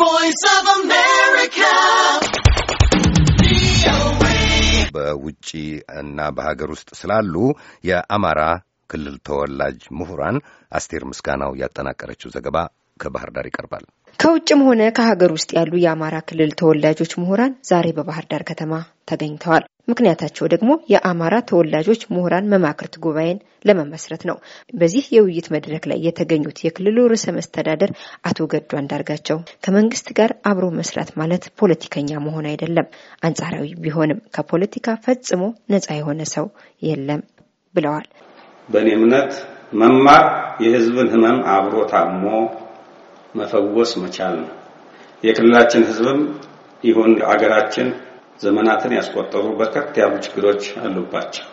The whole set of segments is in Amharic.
voice of America. በውጭ እና በሀገር ውስጥ ስላሉ የአማራ ክልል ተወላጅ ምሁራን አስቴር ምስጋናው ያጠናቀረችው ዘገባ ከባህር ዳር ይቀርባል። ከውጭም ሆነ ከሀገር ውስጥ ያሉ የአማራ ክልል ተወላጆች ምሁራን ዛሬ በባህር ዳር ከተማ ተገኝተዋል። ምክንያታቸው ደግሞ የአማራ ተወላጆች ምሁራን መማክርት ጉባኤን ለመመስረት ነው። በዚህ የውይይት መድረክ ላይ የተገኙት የክልሉ ርዕሰ መስተዳደር አቶ ገዱ አንዳርጋቸው ከመንግስት ጋር አብሮ መስራት ማለት ፖለቲከኛ መሆን አይደለም፣ አንጻራዊ ቢሆንም ከፖለቲካ ፈጽሞ ነጻ የሆነ ሰው የለም ብለዋል። በእኔ እምነት መማር የህዝብን ህመም አብሮ ታሞ መፈወስ መቻል ነው። የክልላችን ህዝብም ይሁን አገራችን ዘመናትን ያስቆጠሩ በርከት ያሉ ችግሮች አሉባቸው።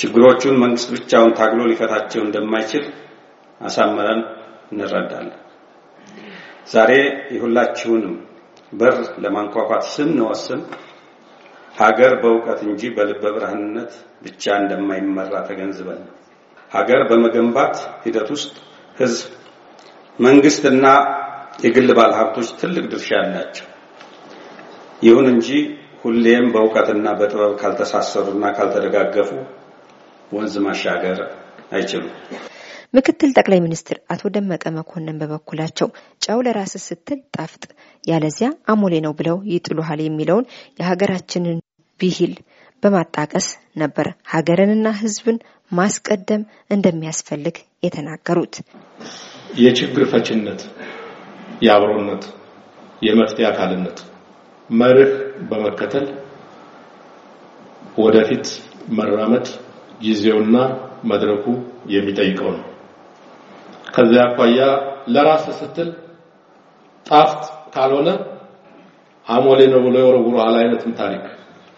ችግሮቹን መንግስት ብቻውን ታግሎ ሊፈታቸው እንደማይችል አሳምረን እንረዳለን። ዛሬ የሁላችሁንም በር ለማንኳኳት ስንወስን ሀገር በእውቀት እንጂ በልበ ብርሃንነት ብቻ እንደማይመራ ተገንዝበን ሀገር በመገንባት ሂደት ውስጥ ህዝብ መንግስትና የግል ባለሀብቶች ትልቅ ድርሻ አላቸው። ይሁን እንጂ ሁሌም በእውቀትና በጥበብ ካልተሳሰሩና ካልተደጋገፉ ወንዝ ማሻገር አይችሉም። ምክትል ጠቅላይ ሚኒስትር አቶ ደመቀ መኮንን በበኩላቸው ጨው ለራስ ስትል ጣፍጥ፣ ያለዚያ አሞሌ ነው ብለው ይጥሉሃል የሚለውን የሀገራችንን ብሂል በማጣቀስ ነበር ሀገርንና ሕዝብን ማስቀደም እንደሚያስፈልግ የተናገሩት። የችግር ፈችነት፣ የአብሮነት፣ የመፍትሄ አካልነት መርህ በመከተል ወደፊት መራመድ ጊዜውና መድረኩ የሚጠይቀው ነው። ከዚያ አኳያ ለራስ ስትል ጣፍት ካልሆነ አሞሌ ነው ብሎ የወረወረው አይነትም ታሪክ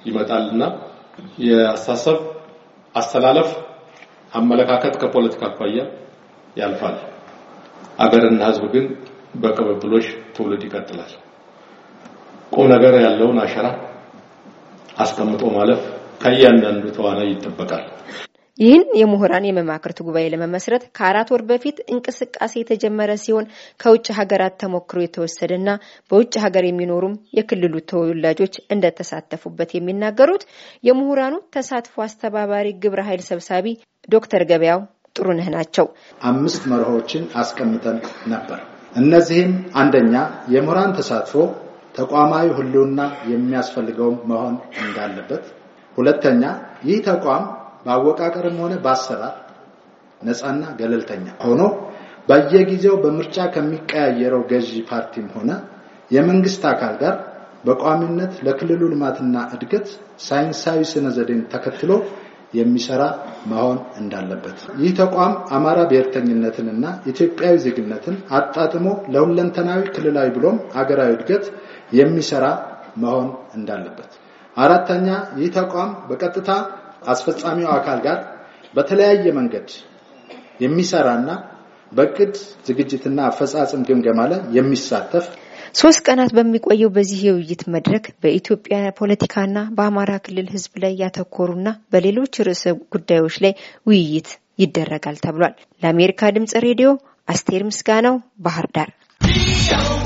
ይመጣልና የአስተሳሰብ አስተላለፍ አመለካከት ከፖለቲካ አኳያ ያልፋል። አገርና ህዝብ ግን በቅብብሎሽ ትውልድ ይቀጥላል። ቁም ነገር ያለውን አሸራ አስቀምጦ ማለፍ ከእያንዳንዱ ተዋናይ ይጠበቃል። ይህን የምሁራን የመማክርት ጉባኤ ለመመስረት ከአራት ወር በፊት እንቅስቃሴ የተጀመረ ሲሆን ከውጭ ሀገራት ተሞክሮ የተወሰደና በውጭ ሀገር የሚኖሩም የክልሉ ተወላጆች እንደተሳተፉበት የሚናገሩት የምሁራኑ ተሳትፎ አስተባባሪ ግብረ ኃይል ሰብሳቢ ዶክተር ገበያው ጥሩነህ ናቸው። አምስት መርሆችን አስቀምጠን ነበር። እነዚህም አንደኛ የምሁራን ተሳትፎ ተቋማዊ ሁሉና የሚያስፈልገው መሆን እንዳለበት፣ ሁለተኛ ይህ ተቋም በአወቃቀርም ሆነ በአሰራር ነፃና ገለልተኛ ሆኖ በየጊዜው በምርጫ ከሚቀያየረው ገዢ ፓርቲም ሆነ የመንግስት አካል ጋር በቋሚነት ለክልሉ ልማትና እድገት ሳይንሳዊ ስነ ዘዴን ተከትሎ የሚሰራ መሆን እንዳለበት ይህ ተቋም አማራ ብሔርተኝነትንና ኢትዮጵያዊ ዜግነትን አጣጥሞ ለሁለንተናዊ ክልላዊ ብሎም አገራዊ እድገት የሚሰራ መሆን እንዳለበት። አራተኛ ይህ ተቋም በቀጥታ አስፈጻሚው አካል ጋር በተለያየ መንገድ የሚሰራና በእቅድ ዝግጅትና አፈጻጽም ግምገማ ላይ የሚሳተፍ ሶስት ቀናት በሚቆየው በዚህ የውይይት መድረክ በኢትዮጵያ ፖለቲካና በአማራ ክልል ሕዝብ ላይ ያተኮሩና በሌሎች ርዕሰ ጉዳዮች ላይ ውይይት ይደረጋል ተብሏል። ለአሜሪካ ድምጽ ሬዲዮ አስቴር ምስጋናው ባህር ዳር